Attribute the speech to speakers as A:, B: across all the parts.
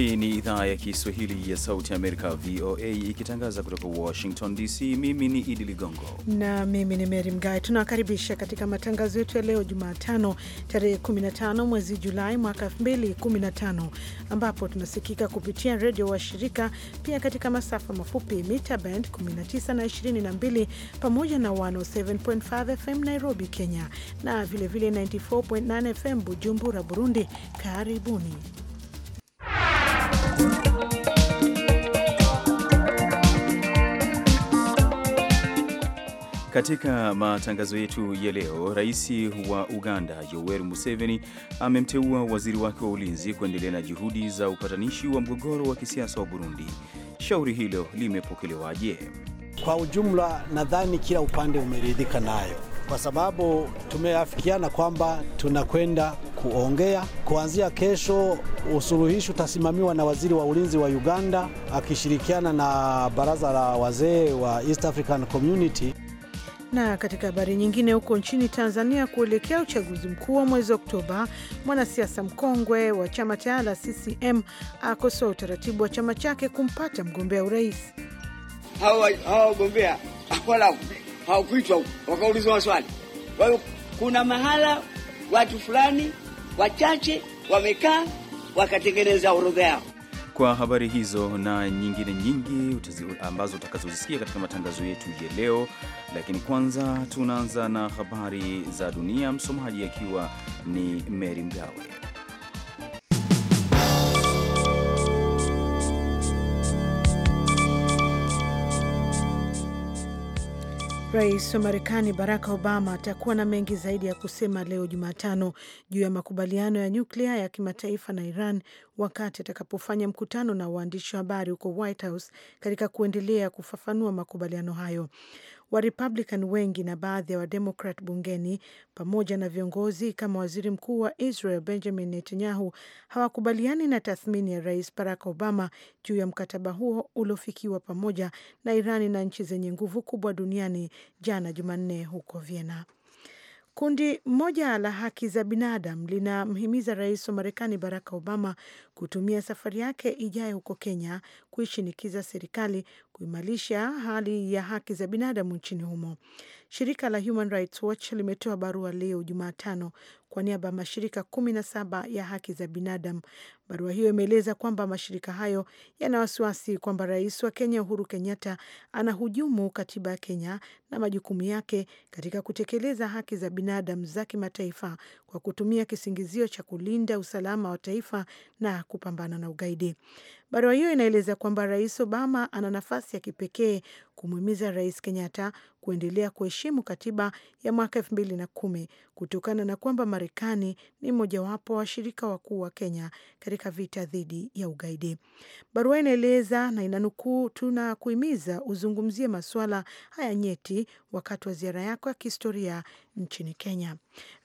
A: Hii ni idhaa ya Kiswahili ya Sauti Amerika, VOA, ikitangaza kutoka Washington DC. Mimi ni Idi Ligongo
B: na mimi ni mery Mgawe. Tunawakaribisha katika matangazo yetu ya leo Jumatano, tarehe 15 mwezi Julai mwaka 2015, ambapo tunasikika kupitia redio wa shirika pia katika masafa mafupi mita band 19 na 22, pamoja na 107.5 FM Nairobi, Kenya, na vilevile 94.9 FM Bujumbura, Burundi. Karibuni.
A: Katika matangazo yetu ya leo, rais wa Uganda Yoweri Museveni amemteua waziri wake wa ulinzi kuendelea na juhudi za upatanishi wa mgogoro wa kisiasa wa Burundi. Shauri hilo limepokelewaje?
C: Kwa ujumla, nadhani kila upande umeridhika nayo, kwa sababu tumeafikiana kwamba tunakwenda kuongea kuanzia kesho. Usuluhishi utasimamiwa na waziri wa ulinzi wa Uganda akishirikiana na baraza la wazee wa East African Community.
B: Na katika habari nyingine, huko nchini Tanzania, kuelekea uchaguzi mkuu wa mwezi Oktoba, mwanasiasa mkongwe wa chama tawala CCM akosoa utaratibu wa chama chake kumpata mgombea urais.
D: Hawa wagombea wala hawakuitwa wakaulizwa maswali. Kwa hiyo kuna mahala watu fulani wachache wamekaa wakatengeneza orodha yao
A: kwa habari hizo na nyingine nyingi ambazo utakazozisikia katika matangazo yetu ya leo, lakini kwanza tunaanza na habari za dunia, msomaji akiwa ni Mary Mgawe.
B: Rais wa Marekani Barack Obama atakuwa na mengi zaidi ya kusema leo Jumatano juu ya makubaliano ya nyuklia ya kimataifa na Iran wakati atakapofanya mkutano na waandishi wa habari huko White House katika kuendelea kufafanua makubaliano hayo wa Republican wengi na baadhi ya wa Wademokrat bungeni pamoja na viongozi kama waziri mkuu wa Israel Benjamin Netanyahu hawakubaliani na tathmini ya Rais Barack Obama juu ya mkataba huo uliofikiwa pamoja na Irani na nchi zenye nguvu kubwa duniani jana Jumanne huko Vienna. Kundi moja la haki za binadamu linamhimiza rais wa Marekani Barack Obama kutumia safari yake ijayo huko Kenya kuishinikiza serikali kuimarisha hali ya haki za binadamu nchini humo. Shirika la Human Rights Watch limetoa barua leo Jumatano kwa niaba ya mashirika kumi na saba ya haki za binadamu. Barua hiyo imeeleza kwamba mashirika hayo yana wasiwasi kwamba rais wa Kenya Uhuru Kenyatta anahujumu katiba ya Kenya na majukumu yake katika kutekeleza haki za binadamu za kimataifa kwa kutumia kisingizio cha kulinda usalama wa taifa na kupambana na ugaidi. Barua hiyo inaeleza kwamba Rais Obama ana nafasi ya kipekee kumhimiza Rais Kenyatta kuendelea kuheshimu katiba ya mwaka elfu mbili na kumi kutokana na kwamba Marekani ni mojawapo wa washirika wakuu wa Kenya katika vita dhidi ya ugaidi. Barua inaeleza na inanukuu, tuna kuhimiza uzungumzie masuala haya nyeti wakati wa ziara yako ya kihistoria nchini Kenya.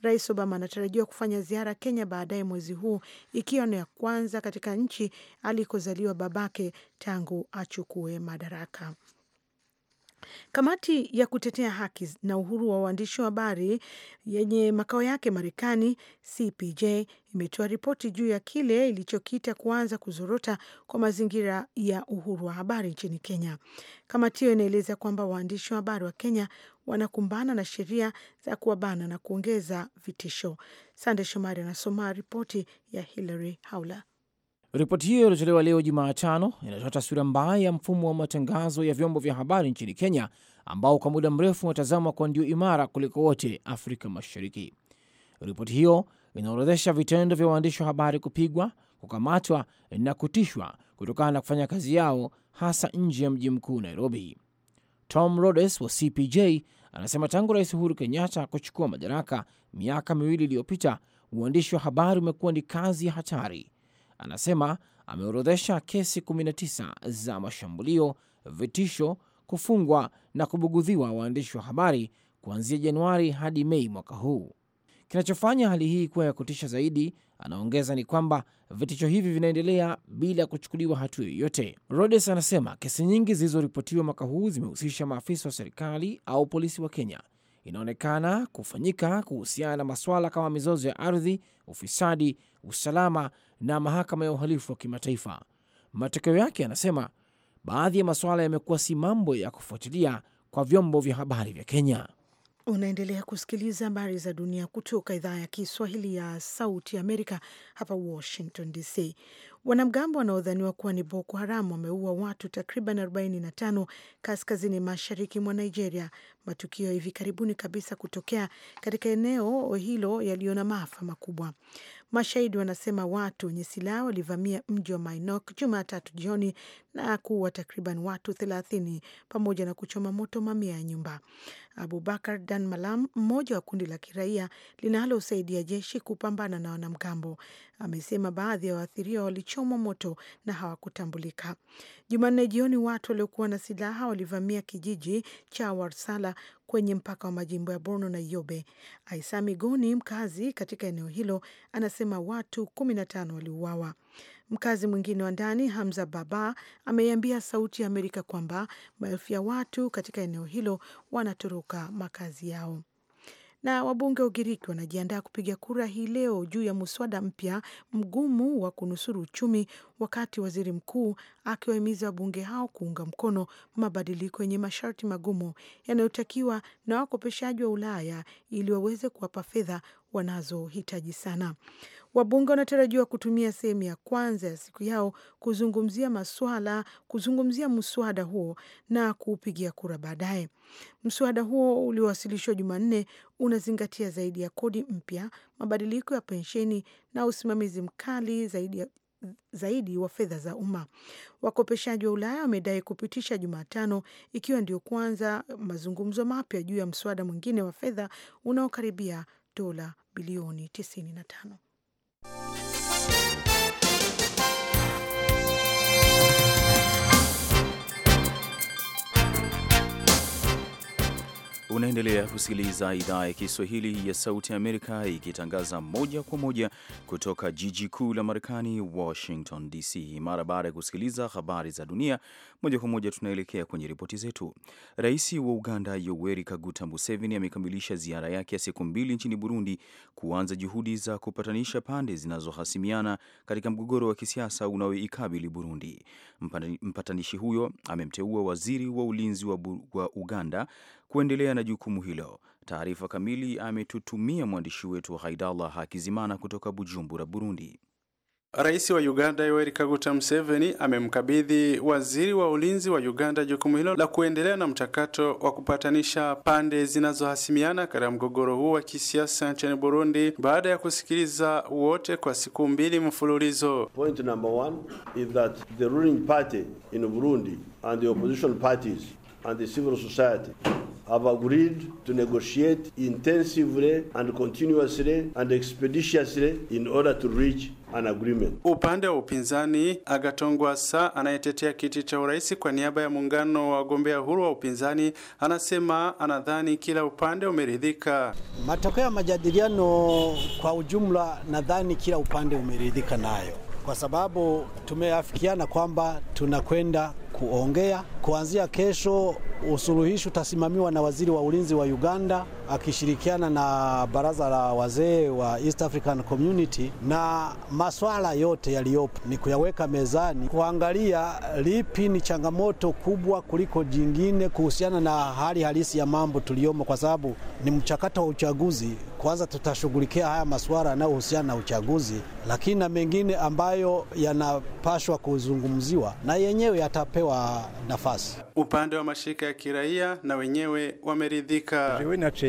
B: Rais Obama anatarajiwa kufanya ziara Kenya baadaye mwezi huu, ikiwa ni ya kwanza katika nchi alikozaliwa babake tangu achukue madaraka. Kamati ya kutetea haki na uhuru wa waandishi wa habari yenye makao yake Marekani, CPJ, imetoa ripoti juu ya kile ilichokita kuanza kuzorota kwa mazingira ya uhuru wa habari nchini Kenya. Kamati hiyo inaeleza kwamba waandishi wa habari wa Kenya wanakumbana na sheria za kuwabana na kuongeza vitisho. Sande Shomari anasoma ripoti ya Hilary Haula.
E: Ripoti hiyo iliyotolewa leo Jumatano inatoa taswira mbaya ya mfumo wa matangazo ya vyombo vya habari nchini Kenya, ambao kwa muda mrefu unatazamwa kwa ndio imara kuliko wote Afrika Mashariki. Ripoti hiyo inaorodhesha vitendo vya waandishi wa habari kupigwa, kukamatwa na kutishwa kutokana na kufanya kazi yao, hasa nje ya mji mkuu Nairobi. Tom Rhodes wa CPJ Anasema tangu Rais Uhuru Kenyatta kuchukua madaraka miaka miwili iliyopita, uandishi wa habari umekuwa ni kazi ya hatari. Anasema ameorodhesha kesi 19 za mashambulio, vitisho, kufungwa na kubugudhiwa waandishi wa habari kuanzia Januari hadi Mei mwaka huu. Kinachofanya hali hii kuwa ya kutisha zaidi Anaongeza ni kwamba vitisho hivi vinaendelea bila kuchukuliwa hatua yoyote. Rhodes anasema kesi nyingi zilizoripotiwa mwaka huu zimehusisha maafisa wa serikali au polisi wa Kenya. Inaonekana kufanyika kuhusiana na masuala kama mizozo ya ardhi, ufisadi, usalama na mahakama ya uhalifu wa kimataifa. Matokeo yake, anasema baadhi ya masuala yamekuwa si mambo ya kufuatilia kwa vyombo vya habari vya Kenya.
B: Unaendelea kusikiliza habari za dunia kutoka idhaa ya Kiswahili ya Sauti Amerika hapa Washington DC. Wanamgambo wanaodhaniwa kuwa ni Boko Haram wameua watu takriban 45 kaskazini mashariki mwa Nigeria, matukio ya hivi karibuni kabisa kutokea katika eneo hilo yaliyo na maafa makubwa. Mashahidi wanasema watu wenye silaha walivamia mji wa Minok Jumatatu jioni na kuua takriban watu 30 pamoja na kuchoma moto mamia ya nyumba. Abubakar Dan Malam, mmoja wa kundi la kiraia linalosaidia jeshi kupambana na wanamgambo, amesema baadhi ya waathiriwa wali yalichomwa moto na hawakutambulika. Jumanne jioni, watu waliokuwa na silaha walivamia kijiji cha Warsala kwenye mpaka wa majimbo ya Borno na Yobe. Aisa Migoni, mkazi katika eneo hilo, anasema watu kumi na tano waliuawa. Mkazi mwingine wa ndani Hamza Baba ameiambia Sauti ya Amerika kwamba maelfu ya watu katika eneo hilo wanatoroka makazi yao. Na wabunge wa Ugiriki wanajiandaa kupiga kura hii leo juu ya muswada mpya mgumu wa kunusuru uchumi, wakati waziri mkuu akiwahimiza wabunge hao kuunga mkono mabadiliko yenye masharti magumu yanayotakiwa na wakopeshaji wa Ulaya ili waweze kuwapa fedha wanazohitaji sana. Wabunge wanatarajiwa kutumia sehemu ya kwanza ya siku yao kuzungumzia maswala kuzungumzia mswada huo na kuupigia kura baadaye. Mswada huo uliowasilishwa Jumanne unazingatia zaidi ya kodi mpya, mabadiliko ya pensheni na usimamizi mkali zaidi ya zaidi wa fedha za umma. Wakopeshaji wa Ulaya wamedai kupitisha Jumatano, ikiwa ndio kwanza mazungumzo mapya juu ya mswada mwingine wa fedha unaokaribia dola bilioni 95.
A: Unaendelea kusikiliza idhaa ya Kiswahili ya Sauti ya Amerika ikitangaza moja kwa moja kutoka jiji kuu la Marekani, Washington DC. Mara baada ya kusikiliza habari za dunia moja kwa moja, tunaelekea kwenye ripoti zetu. Rais wa Uganda Yoweri Kaguta Museveni amekamilisha ziara yake ya siku mbili nchini Burundi kuanza juhudi za kupatanisha pande zinazohasimiana katika mgogoro wa kisiasa unaoikabili Burundi. Mpatanishi huyo amemteua waziri wa ulinzi wa Uganda kuendelea na jukumu hilo. Taarifa kamili ametutumia mwandishi wetu Haidallah Hakizimana kutoka Bujumbura, Burundi.
F: Rais wa Uganda Yoweri Kaguta Museveni amemkabidhi waziri wa ulinzi wa Uganda jukumu hilo la kuendelea na mchakato wa kupatanisha pande zinazohasimiana katika mgogoro huu wa kisiasa nchini Burundi baada ya kusikiliza wote kwa siku mbili mfululizo. Point number one is that the ruling party in Burundi and the opposition parties and the civil society have agreed to negotiate intensively and continuously and expeditiously in order to reach an agreement. Upande wa upinzani, agatongwa sa anayetetea kiti cha urais kwa niaba ya muungano wa wagombea huru wa upinzani anasema anadhani kila upande umeridhika.
C: Matokeo ya majadiliano kwa ujumla, nadhani kila upande umeridhika nayo, kwa sababu tumeafikiana kwamba tunakwenda kuongea. Kuanzia kesho, usuluhishi utasimamiwa na waziri wa ulinzi wa Uganda akishirikiana na baraza la wazee wa East African Community, na maswala yote yaliyopo ni kuyaweka mezani, kuangalia lipi ni changamoto kubwa kuliko jingine kuhusiana na hali halisi ya mambo tuliyomo, kwa sababu ni mchakato wa uchaguzi. Kwanza tutashughulikia haya masuala yanayohusiana na uchaguzi, lakini na mengine ambayo yanapashwa kuzungumziwa na yenyewe yatapewa nafasi.
F: Upande wa mashirika ya kiraia na wenyewe wameridhika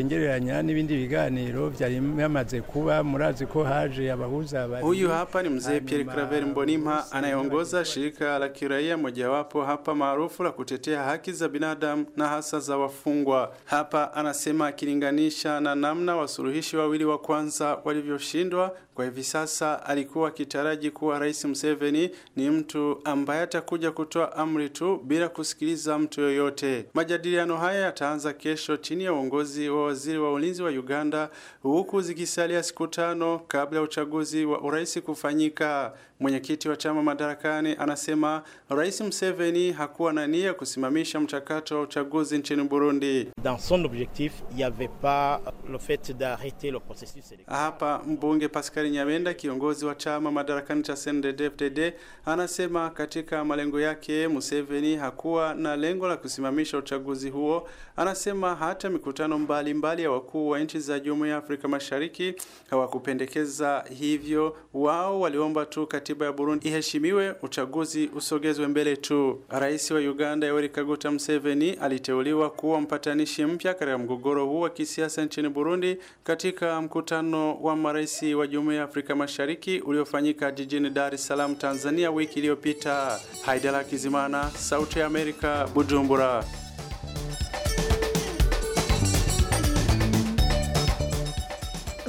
F: turengereranya n'ibindi biganiro byari kuba murazi ko haje abahuza bari Uyu hapa ni mzee Pierre Claver Mbonimpa anayeongoza shirika la kiraia mojawapo hapa maarufu la kutetea haki za binadamu na hasa za wafungwa. Hapa anasema akilinganisha na namna wasuluhishi wawili wa kwanza walivyoshindwa, kwa hivi sasa alikuwa akitaraji kuwa Rais Museveni ni mtu ambaye atakuja kutoa amri tu bila kusikiliza mtu yoyote. Majadiliano haya yataanza kesho chini ya uongozi wa waziri wa ulinzi wa Uganda, huku zikisalia siku tano kabla ya uchaguzi wa urais kufanyika. Mwenyekiti wa chama madarakani anasema Rais Museveni hakuwa na nia kusimamisha mchakato wa uchaguzi nchini Burundi. Dans son
C: objectif, il y avait pas le fait d'arrêter le processus
F: Hapa mbunge Pascal Nyamenda, kiongozi wa chama madarakani cha CNDD-FDD, anasema katika malengo yake Museveni hakuwa na lengo la kusimamisha uchaguzi huo. Anasema hata mikutano mbalimbali mbali ya wakuu wa nchi za Jumuiya ya Afrika Mashariki hawakupendekeza hivyo, wao waliomba tu katiba ya Burundi iheshimiwe, uchaguzi usogezwe mbele tu. Rais wa Uganda Yoweri Kaguta Museveni aliteuliwa kuwa mpatanishi mpya katika mgogoro huu wa kisiasa nchini Burundi katika mkutano wa marais wa Jumuiya ya Afrika Mashariki uliofanyika jijini Dar es Salaam, Tanzania wiki iliyopita. Haidala Kizimana, Sauti ya Amerika, Bujumbura.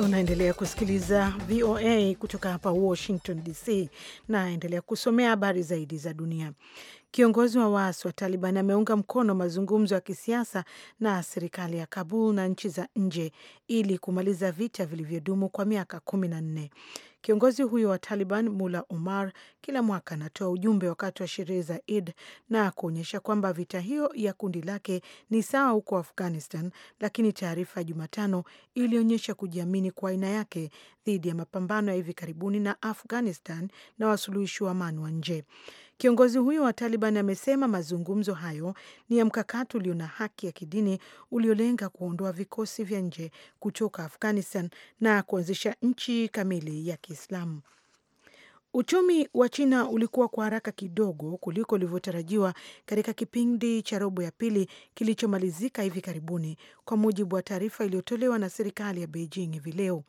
B: Unaendelea kusikiliza VOA kutoka hapa Washington DC, na endelea kusomea habari zaidi za dunia. Kiongozi wa waasi wa Taliban ameunga mkono mazungumzo ya kisiasa na serikali ya Kabul na nchi za nje ili kumaliza vita vilivyodumu kwa miaka kumi na nne. Kiongozi huyo wa Taliban mula umar kila mwaka anatoa ujumbe wakati wa sherehe za Id na kuonyesha kwamba vita hiyo ya kundi lake ni sawa huko Afghanistan, lakini taarifa ya Jumatano ilionyesha kujiamini kwa aina yake dhidi ya mapambano ya hivi karibuni na Afghanistan na wasuluhishi wa amani wa nje. Kiongozi huyo wa Taliban amesema mazungumzo hayo ni ya mkakati ulio na haki ya kidini uliolenga kuondoa vikosi vya nje kutoka Afghanistan na kuanzisha nchi kamili ya Kiislamu. Uchumi wa China ulikuwa kwa haraka kidogo kuliko ulivyotarajiwa katika kipindi cha robo ya pili kilichomalizika hivi karibuni, kwa mujibu wa taarifa iliyotolewa na serikali ya Beijing hivi leo.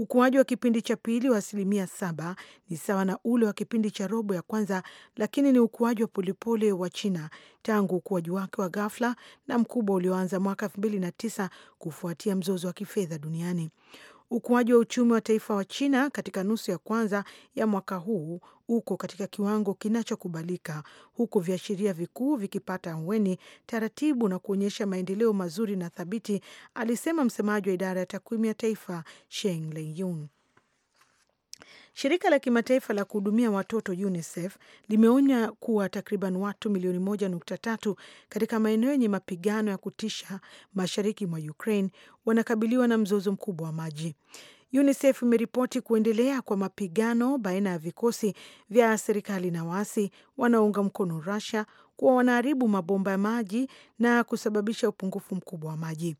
B: Ukuaji wa kipindi cha pili wa asilimia saba ni sawa na ule wa kipindi cha robo ya kwanza, lakini ni ukuaji wa polepole wa China tangu ukuaji wake wa ghafla na mkubwa ulioanza mwaka elfu mbili na tisa kufuatia mzozo wa kifedha duniani. Ukuaji wa uchumi wa taifa wa China katika nusu ya kwanza ya mwaka huu uko katika kiwango kinachokubalika huku viashiria vikuu vikipata ahueni taratibu na kuonyesha maendeleo mazuri na thabiti, alisema msemaji wa idara ya takwimu ya taifa Sheng Leiyun. Shirika la kimataifa la kuhudumia watoto UNICEF limeonya kuwa takriban watu milioni moja nukta tatu katika maeneo yenye mapigano ya kutisha mashariki mwa Ukraine wanakabiliwa na mzozo mkubwa wa maji. UNICEF imeripoti kuendelea kwa mapigano baina ya vikosi vya serikali na waasi wanaounga mkono Russia kuwa wanaharibu mabomba ya maji na kusababisha upungufu mkubwa wa maji.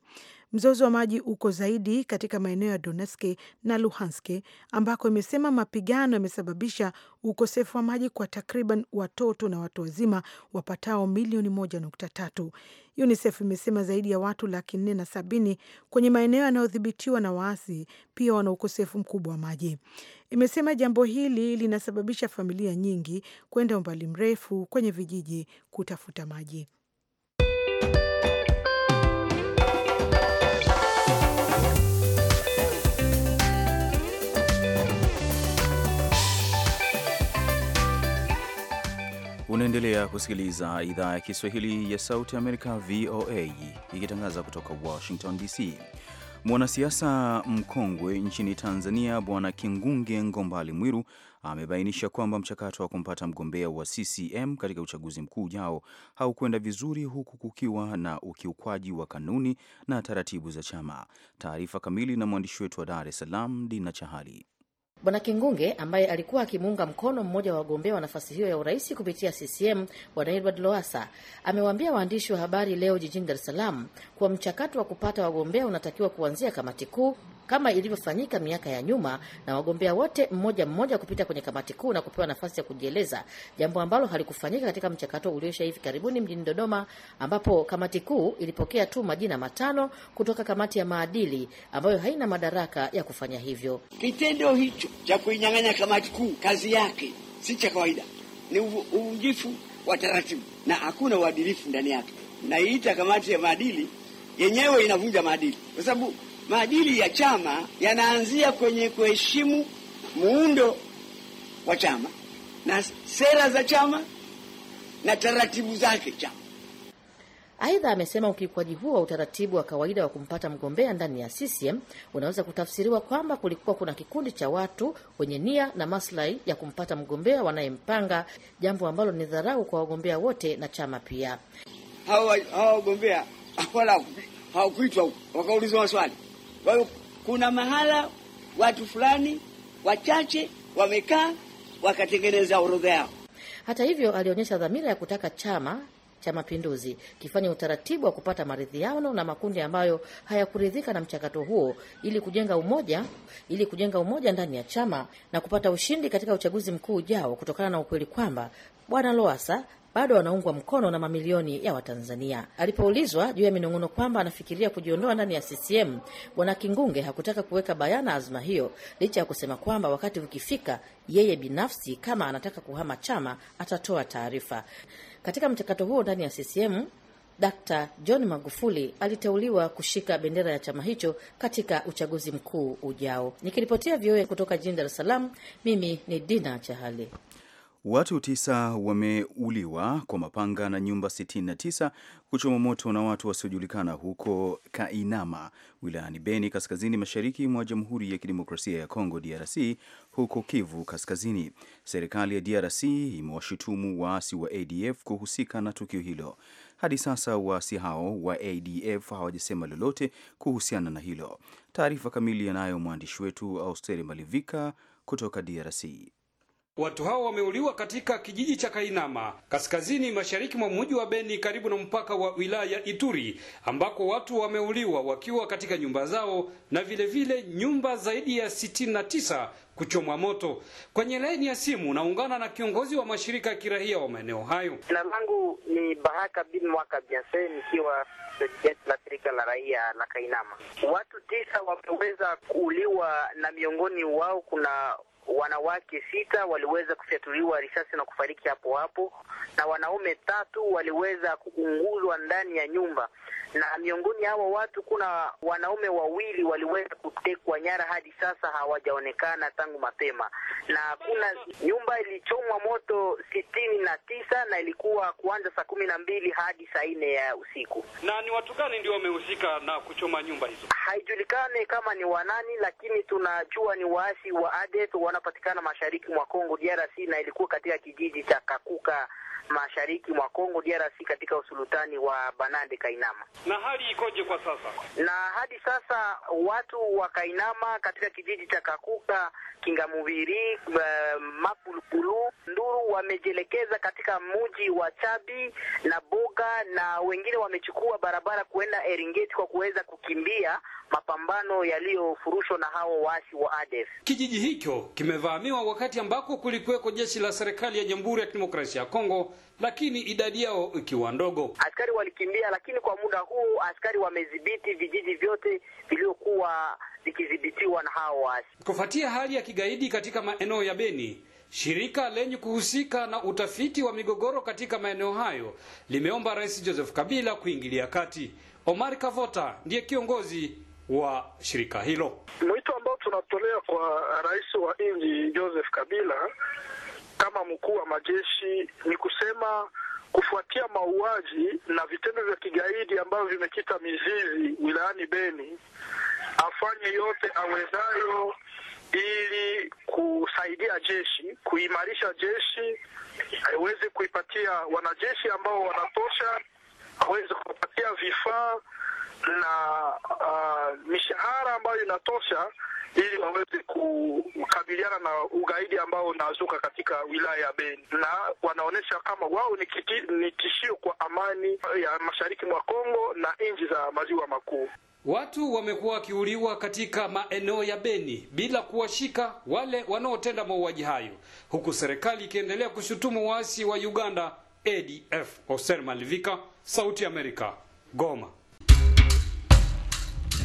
B: Mzozo wa maji uko zaidi katika maeneo ya Donetsk na Luhansk ambako imesema mapigano yamesababisha ukosefu wa maji kwa takriban watoto na watu wazima wapatao milioni moja nukta tatu. UNICEF imesema zaidi ya watu laki nne na sabini kwenye maeneo yanayodhibitiwa na waasi pia wana ukosefu mkubwa wa maji. Imesema jambo hili linasababisha familia nyingi kwenda umbali mrefu kwenye vijiji kutafuta maji.
A: Unaendelea kusikiliza idhaa ya Kiswahili ya Sauti Amerika, VOA, ikitangaza kutoka Washington DC. Mwanasiasa mkongwe nchini Tanzania Bwana Kingunge ngombali Mwiru amebainisha kwamba mchakato wa kumpata mgombea wa CCM katika uchaguzi mkuu ujao haukwenda vizuri huku kukiwa na ukiukwaji wa kanuni na taratibu za chama. Taarifa kamili na mwandishi wetu wa Dar es Salaam, Dina Chahali.
G: Bwana Kingunge ambaye alikuwa akimuunga mkono mmoja wa wagombea wa nafasi hiyo ya urais kupitia CCM Bwana Edward Loasa amewaambia waandishi wa habari leo jijini Dar es Salaam kuwa mchakato wa kupata wagombea unatakiwa kuanzia kamati kuu kama ilivyofanyika miaka ya nyuma, na wagombea wote mmoja mmoja kupita kwenye kamati kuu na kupewa nafasi ya kujieleza, jambo ambalo halikufanyika katika mchakato ulioisha hivi karibuni mjini Dodoma, ambapo kamati kuu ilipokea tu majina matano kutoka kamati ya maadili ambayo haina madaraka ya kufanya hivyo. Kitendo hicho
D: cha kuinyang'anya kamati kuu kazi yake si cha kawaida, ni uvunjifu wa taratibu na hakuna uadilifu ndani yake. Naiita kamati ya maadili yenyewe inavunja maadili kwa sababu maadili ya chama yanaanzia kwenye kuheshimu muundo wa chama na sera za chama na taratibu zake chama.
G: Aidha, amesema ukiukwaji huo wa utaratibu wa kawaida wa kumpata mgombea ndani ya CCM unaweza kutafsiriwa kwamba kulikuwa kuna kikundi cha watu wenye nia na maslahi ya kumpata mgombea wanayempanga, jambo ambalo ni dharau kwa wagombea wote na chama pia.
D: Hawa wagombea wala hawakuitwa wakaulizwa maswali kwa hiyo kuna mahala watu fulani wachache wamekaa wakatengeneza orodha yao.
G: Hata hivyo, alionyesha dhamira ya kutaka chama cha Mapinduzi kifanye utaratibu wa kupata maridhiano na makundi ambayo hayakuridhika na mchakato huo ili kujenga umoja ili kujenga umoja ndani ya chama na kupata ushindi katika uchaguzi mkuu ujao, kutokana na ukweli kwamba Bwana loasa bado wanaungwa mkono na mamilioni ya Watanzania. Alipoulizwa juu ya minong'ono kwamba anafikiria kujiondoa ndani ya CCM, Bwana Kingunge hakutaka kuweka bayana azma hiyo, licha ya kusema kwamba wakati ukifika, yeye binafsi kama anataka kuhama chama atatoa taarifa. Katika mchakato huo ndani ya CCM, Dkt. John Magufuli aliteuliwa kushika bendera ya chama hicho katika uchaguzi mkuu ujao. Nikiripotia VOA kutoka jijini Dar es Salaam, mimi ni Dina Chahali.
A: Watu tisa wameuliwa kwa mapanga na nyumba 69 kuchoma moto na watu wasiojulikana huko Kainama wilayani Beni kaskazini mashariki mwa Jamhuri ya Kidemokrasia ya Kongo DRC huko Kivu Kaskazini. Serikali ya DRC imewashutumu waasi wa ADF kuhusika na tukio hilo. Hadi sasa waasi hao wa ADF hawajasema lolote kuhusiana na hilo. Taarifa kamili yanayo mwandishi wetu Austeri Malivika kutoka DRC.
H: Watu hao wameuliwa katika kijiji cha Kainama
A: kaskazini
H: mashariki mwa mji wa Beni karibu na mpaka wa wilaya ya Ituri ambako watu wameuliwa wakiwa katika nyumba zao na vilevile vile nyumba zaidi ya sitini na tisa kuchomwa moto. Kwenye laini ya simu naungana na kiongozi wa mashirika ya kirahia wa maeneo hayo. Jina
D: langu ni Bahaka bin Mwaka Biase, nikiwa presidenti la shirika la raia la Kainama. Watu tisa wameweza kuuliwa na miongoni wao kuna wanawake sita waliweza kufyatuliwa risasi na kufariki hapo hapo, na wanaume tatu waliweza kuunguzwa ndani ya nyumba, na miongoni hawa watu kuna wanaume wawili waliweza kutekwa nyara, hadi sasa hawajaonekana tangu mapema, na kuna nyumba ilichomwa moto sitini na tisa na ilikuwa kuanza saa kumi na mbili hadi saa nne ya usiku.
H: Na ni watu gani ndio wamehusika na kuchoma nyumba hizo?
D: Haijulikane kama ni wanani, lakini tunajua ni waasi wa ADF wana inapatikana mashariki mwa Kongo DRC na ilikuwa katika kijiji cha Kakuka mashariki mwa Kongo DRC katika usultani wa Banande Kainama.
H: Na hali ikoje kwa sasa?
D: Na hadi sasa watu wa Kainama katika kijiji cha Kakuka, Kingamuviri, eh, Mapulupulu, Nduru wamejielekeza katika mji wa Chabi na Boga na wengine wamechukua barabara kuenda Eringeti kwa kuweza kukimbia mapambano yaliyofurushwa na hao waasi wa ADF.
H: Kijiji hicho kimevamiwa wakati ambako kulikuweko jeshi la serikali ya Jamhuri ya Kidemokrasia ya Kongo, lakini idadi yao ikiwa ndogo.
D: Askari walikimbia, lakini kwa muda huu askari wamedhibiti vijiji vyote vilivyokuwa vikidhibitiwa na hao waasi.
H: Kufuatia hali ya kigaidi katika maeneo ya Beni, Shirika lenye kuhusika na utafiti wa migogoro katika maeneo hayo limeomba Rais Joseph Kabila kuingilia kati. Omar Kavota ndiye kiongozi wa shirika hilo. Mwito ambao tunatolea kwa rais wa
D: nchi Joseph Kabila kama mkuu wa majeshi ni kusema kufuatia mauaji na vitendo vya kigaidi ambavyo vimekita mizizi wilayani Beni, afanye yote awezayo ili kusaidia jeshi, kuimarisha jeshi, aweze kuipatia wanajeshi ambao wanatosha, aweze kupatia vifaa na uh, mishahara ambayo inatosha ili waweze kukabiliana na ugaidi ambao unazuka katika wilaya ya Beni, na wanaonyesha kama wao ni tishio kwa amani ya mashariki mwa Kongo na nchi za maziwa makuu.
H: Watu wamekuwa wakiuliwa katika maeneo ya Beni bila kuwashika wale wanaotenda mauaji hayo, huku serikali ikiendelea kushutumu waasi wa Uganda ADF. Oser Malivika, Sauti ya Amerika, Goma.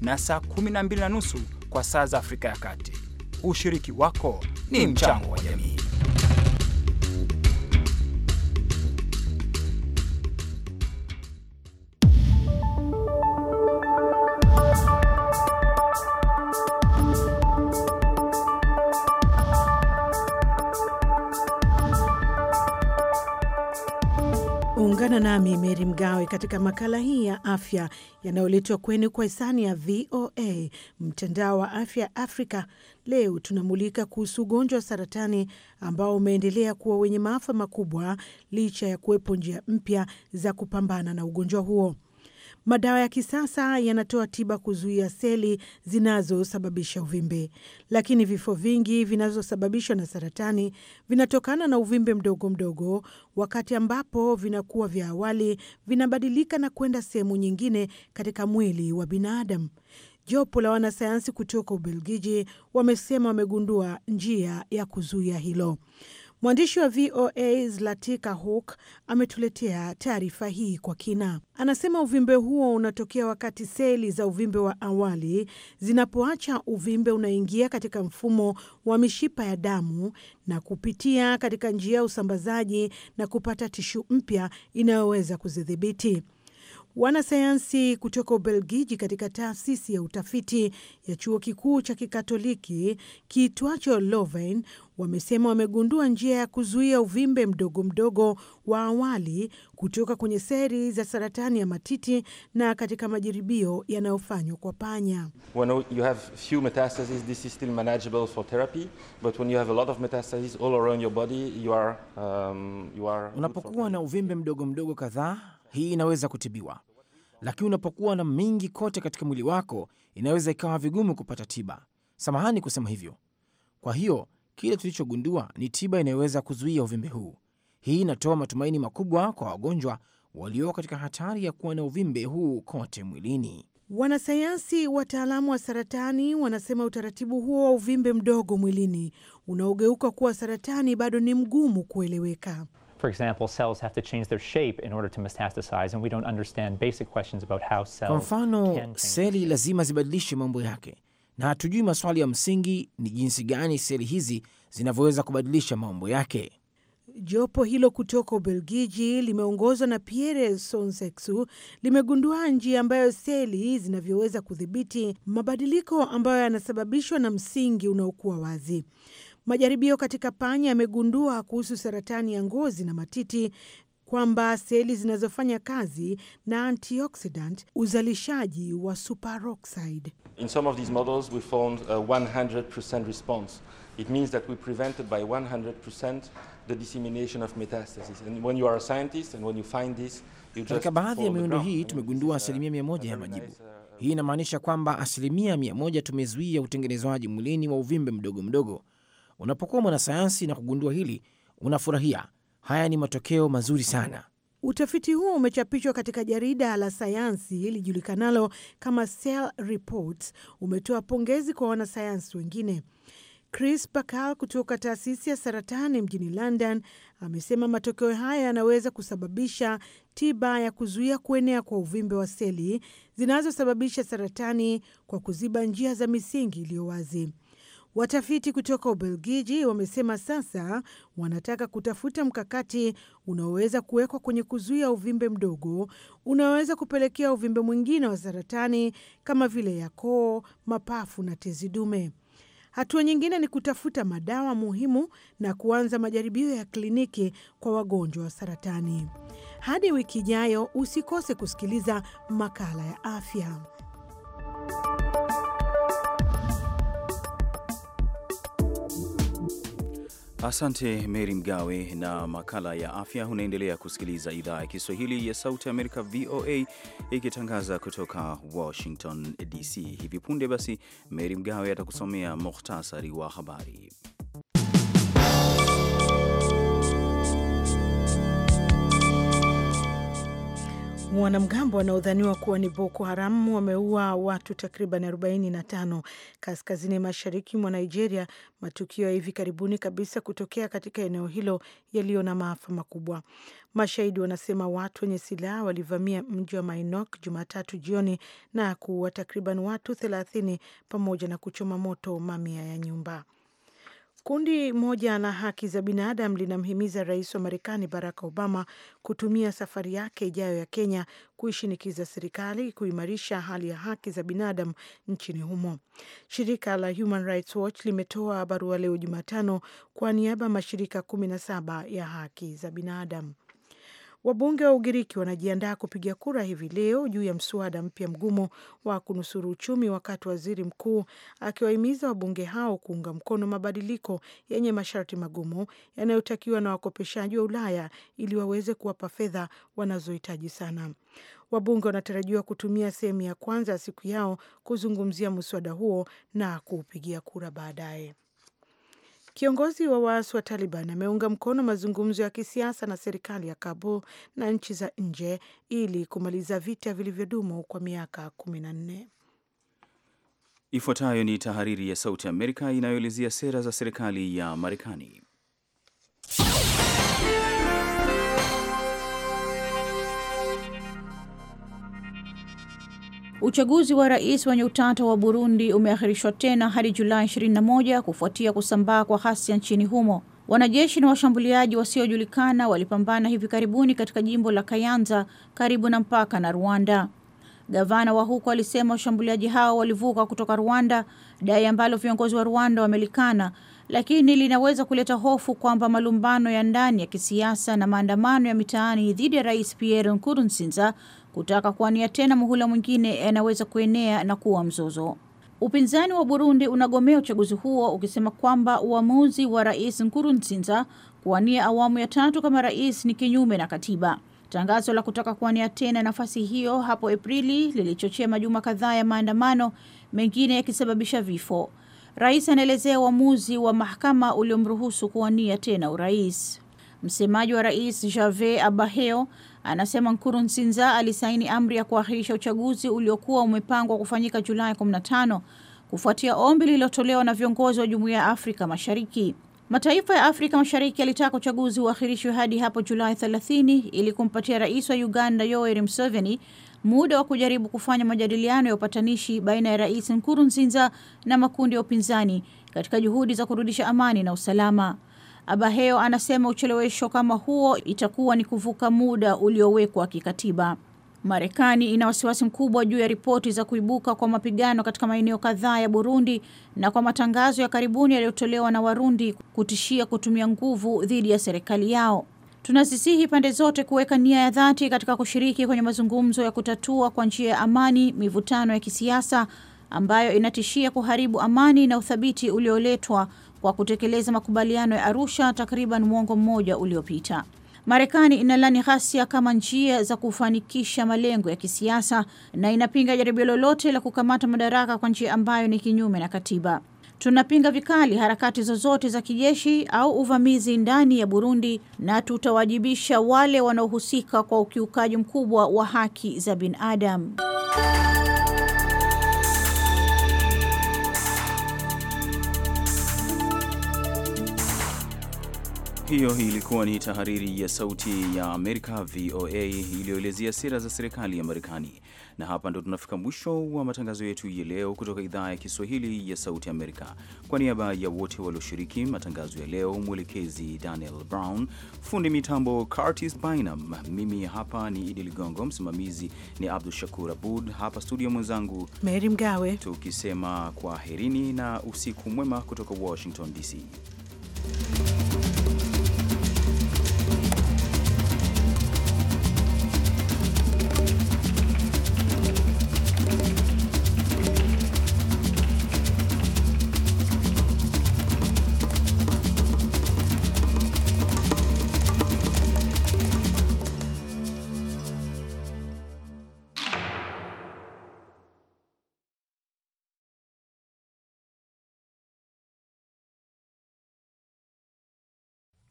A: na saa 12 na nusu kwa saa za Afrika ya Kati. Ushiriki wako
H: ni mchango wa
C: jamii.
B: katika makala hii ya afya yanayoletwa kwenu kwa hisani ya VOA mtandao wa afya Afrika. Leo tunamulika kuhusu ugonjwa wa saratani ambao umeendelea kuwa wenye maafa makubwa licha ya kuwepo njia mpya za kupambana na ugonjwa huo. Madawa ya kisasa yanatoa tiba kuzuia seli zinazosababisha uvimbe, lakini vifo vingi vinavyosababishwa na saratani vinatokana na uvimbe mdogo mdogo, wakati ambapo vinakuwa vya awali, vinabadilika na kwenda sehemu nyingine katika mwili wa binadamu. Jopo la wanasayansi kutoka Ubelgiji wamesema wamegundua njia ya kuzuia hilo. Mwandishi wa VOA Zlatika Hawk ametuletea taarifa hii kwa kina. Anasema uvimbe huo unatokea wakati seli za uvimbe wa awali zinapoacha uvimbe, unaingia katika mfumo wa mishipa ya damu na kupitia katika njia ya usambazaji na kupata tishu mpya inayoweza kuzidhibiti. Wanasayansi kutoka Ubelgiji katika taasisi ya utafiti ya chuo kikuu cha kikatoliki kiitwacho Leuven wamesema wamegundua njia ya kuzuia uvimbe mdogo mdogo wa awali kutoka kwenye seli za saratani ya matiti na katika majaribio yanayofanywa kwa panya.
E: Unapokuwa na uvimbe mdogo mdogo kadhaa hii inaweza kutibiwa, lakini unapokuwa na mingi kote katika mwili wako inaweza ikawa vigumu kupata tiba. Samahani kusema hivyo. Kwa hiyo kile tulichogundua ni tiba inayoweza kuzuia uvimbe huu. Hii inatoa matumaini makubwa kwa wagonjwa walio katika hatari ya kuwa na uvimbe huu kote mwilini.
B: Wanasayansi wataalamu wa saratani wanasema utaratibu huo wa uvimbe mdogo mwilini unaogeuka kuwa saratani bado ni mgumu kueleweka.
E: For example, cells have to change their shape in order to metastasize and we don't understand basic questions about how cells. Kwa mfano, seli lazima zibadilishe mambo yake na hatujui maswali ya msingi ni jinsi gani seli hizi zinavyoweza kubadilisha mambo yake.
B: Jopo hilo kutoka Ubelgiji limeongozwa na Pierre Sonseksu limegundua njia ambayo seli zinavyoweza kudhibiti mabadiliko ambayo yanasababishwa na msingi unaokuwa wazi. Majaribio katika panya yamegundua kuhusu saratani ya ngozi na matiti kwamba seli zinazofanya kazi na antioxidant uzalishaji wa superoxide.
A: In some of these models we found a 100% response. It means that we prevented by 100% the dissemination of metastasis. And when you are a scientist and when you find this,
F: you just Katika baadhi ya miundo
E: hii tumegundua uh, asilimia mia moja ya majibu. Uh, hii inamaanisha kwamba asilimia mia moja tumezuia utengenezwaji mwilini wa uvimbe mdogo mdogo Unapokuwa mwanasayansi na kugundua hili, unafurahia. Haya ni matokeo mazuri sana. Utafiti
B: huo umechapishwa katika jarida la sayansi lijulikanalo kama Cell Reports. Umetoa pongezi kwa wanasayansi wengine. Chris Bakal kutoka taasisi ya saratani mjini London amesema matokeo haya yanaweza kusababisha tiba ya kuzuia kuenea kwa uvimbe wa seli zinazosababisha saratani kwa kuziba njia za misingi iliyo wazi. Watafiti kutoka Ubelgiji wamesema sasa wanataka kutafuta mkakati unaoweza kuwekwa kwenye kuzuia uvimbe mdogo unaoweza kupelekea uvimbe mwingine wa saratani kama vile ya koo, mapafu na tezi dume. Hatua nyingine ni kutafuta madawa muhimu na kuanza majaribio ya kliniki kwa wagonjwa wa saratani. Hadi wiki ijayo, usikose kusikiliza makala ya afya.
A: Asante Mary Mgawe na makala ya afya. Unaendelea kusikiliza idhaa ya Kiswahili ya Sauti Amerika, VOA, ikitangaza kutoka Washington DC. Hivi punde basi, Mary Mgawe atakusomea muhtasari wa habari.
B: Wanamgambo wanaodhaniwa kuwa ni Boko Haram wameua watu takriban 45 kaskazini mashariki mwa Nigeria, matukio ya hivi karibuni kabisa kutokea katika eneo hilo yaliyo na maafa makubwa. Mashahidi wanasema watu wenye silaha walivamia mji wa Mainok Jumatatu jioni na kuua takriban watu 30 pamoja na kuchoma moto mamia ya nyumba. Kundi moja la haki za binadamu linamhimiza rais wa Marekani Barack Obama kutumia safari yake ijayo ya Kenya kuishinikiza serikali kuimarisha hali ya haki za binadamu nchini humo. Shirika la Human Rights Watch limetoa barua leo Jumatano kwa niaba ya mashirika 17 ya haki za binadamu. Wabunge wa Ugiriki wanajiandaa kupiga kura hivi leo juu ya mswada mpya mgumu wa kunusuru uchumi, wakati waziri mkuu akiwahimiza wabunge hao kuunga mkono mabadiliko yenye masharti magumu yanayotakiwa na wakopeshaji wa Ulaya ili waweze kuwapa fedha wanazohitaji sana. Wabunge wanatarajiwa kutumia sehemu ya kwanza ya siku yao kuzungumzia mswada huo na kuupigia kura baadaye. Kiongozi wa waasi wa Taliban ameunga mkono mazungumzo ya kisiasa na serikali ya Kabul na nchi za nje ili kumaliza vita vilivyodumu kwa miaka kumi na nne.
A: Ifuatayo ni tahariri ya Sauti Amerika inayoelezea sera za serikali ya Marekani.
I: Uchaguzi wa rais wenye utata wa Burundi umeahirishwa tena hadi Julai 21 kufuatia kusambaa kwa ghasia nchini humo. Wanajeshi na washambuliaji wasiojulikana walipambana hivi karibuni katika jimbo la Kayanza karibu na mpaka na Rwanda. Gavana wa huko alisema washambuliaji hao walivuka kutoka Rwanda, dai ambalo viongozi wa Rwanda wamelikana, lakini linaweza kuleta hofu kwamba malumbano ya ndani ya kisiasa na maandamano ya mitaani dhidi ya Rais Pierre Nkurunziza kutaka kuwania tena muhula mwingine yanaweza kuenea na kuwa mzozo. Upinzani wa Burundi unagomea uchaguzi huo ukisema kwamba uamuzi wa Rais Nkurunziza kuwania awamu ya tatu kama rais ni kinyume na katiba. Tangazo la kutaka kuwania tena nafasi hiyo hapo Aprili lilichochea majuma kadhaa ya maandamano, mengine yakisababisha vifo. Rais anaelezea uamuzi wa mahakama uliomruhusu kuwania tena urais. Msemaji wa rais jave Abaheo anasema Nkurunziza alisaini amri ya kuahirisha uchaguzi uliokuwa umepangwa kufanyika Julai 15 kufuatia ombi lililotolewa na viongozi wa Jumuiya ya Afrika Mashariki. Mataifa ya Afrika Mashariki yalitaka uchaguzi uahirishwe hadi hapo Julai 30 ili kumpatia rais wa Uganda Yoweri Museveni muda wa kujaribu kufanya majadiliano ya upatanishi baina ya Rais Nkurunziza na makundi ya upinzani katika juhudi za kurudisha amani na usalama. Abaheo anasema uchelewesho kama huo itakuwa ni kuvuka muda uliowekwa kikatiba. Marekani ina wasiwasi mkubwa juu ya ripoti za kuibuka kwa mapigano katika maeneo kadhaa ya Burundi na kwa matangazo ya karibuni yaliyotolewa na Warundi kutishia kutumia nguvu dhidi ya serikali yao. Tunazisihi pande zote kuweka nia ya dhati katika kushiriki kwenye mazungumzo ya kutatua kwa njia ya amani mivutano ya kisiasa ambayo inatishia kuharibu amani na uthabiti ulioletwa kwa kutekeleza makubaliano ya Arusha takriban mwongo mmoja uliopita. Marekani inalani ghasia kama njia za kufanikisha malengo ya kisiasa na inapinga jaribio lolote la kukamata madaraka kwa njia ambayo ni kinyume na katiba. Tunapinga vikali harakati zozote za kijeshi au uvamizi ndani ya Burundi na tutawajibisha wale wanaohusika kwa ukiukaji mkubwa wa haki za binadamu.
A: Hiyo ilikuwa ni tahariri ya Sauti ya Amerika, VOA, iliyoelezea sera za serikali ya Marekani. Na hapa ndo tunafika mwisho wa matangazo yetu ya leo kutoka idhaa ya Kiswahili ya Sauti Amerika. Kwa niaba ya wote walioshiriki matangazo ya leo, mwelekezi Daniel Brown, fundi mitambo Curtis Bynum, mimi hapa ni Idi Ligongo, msimamizi ni Abdu Shakur Abud, hapa studio mwenzangu
B: Meri Mgawe,
A: tukisema herini na usiku mwema kutoka Washington DC.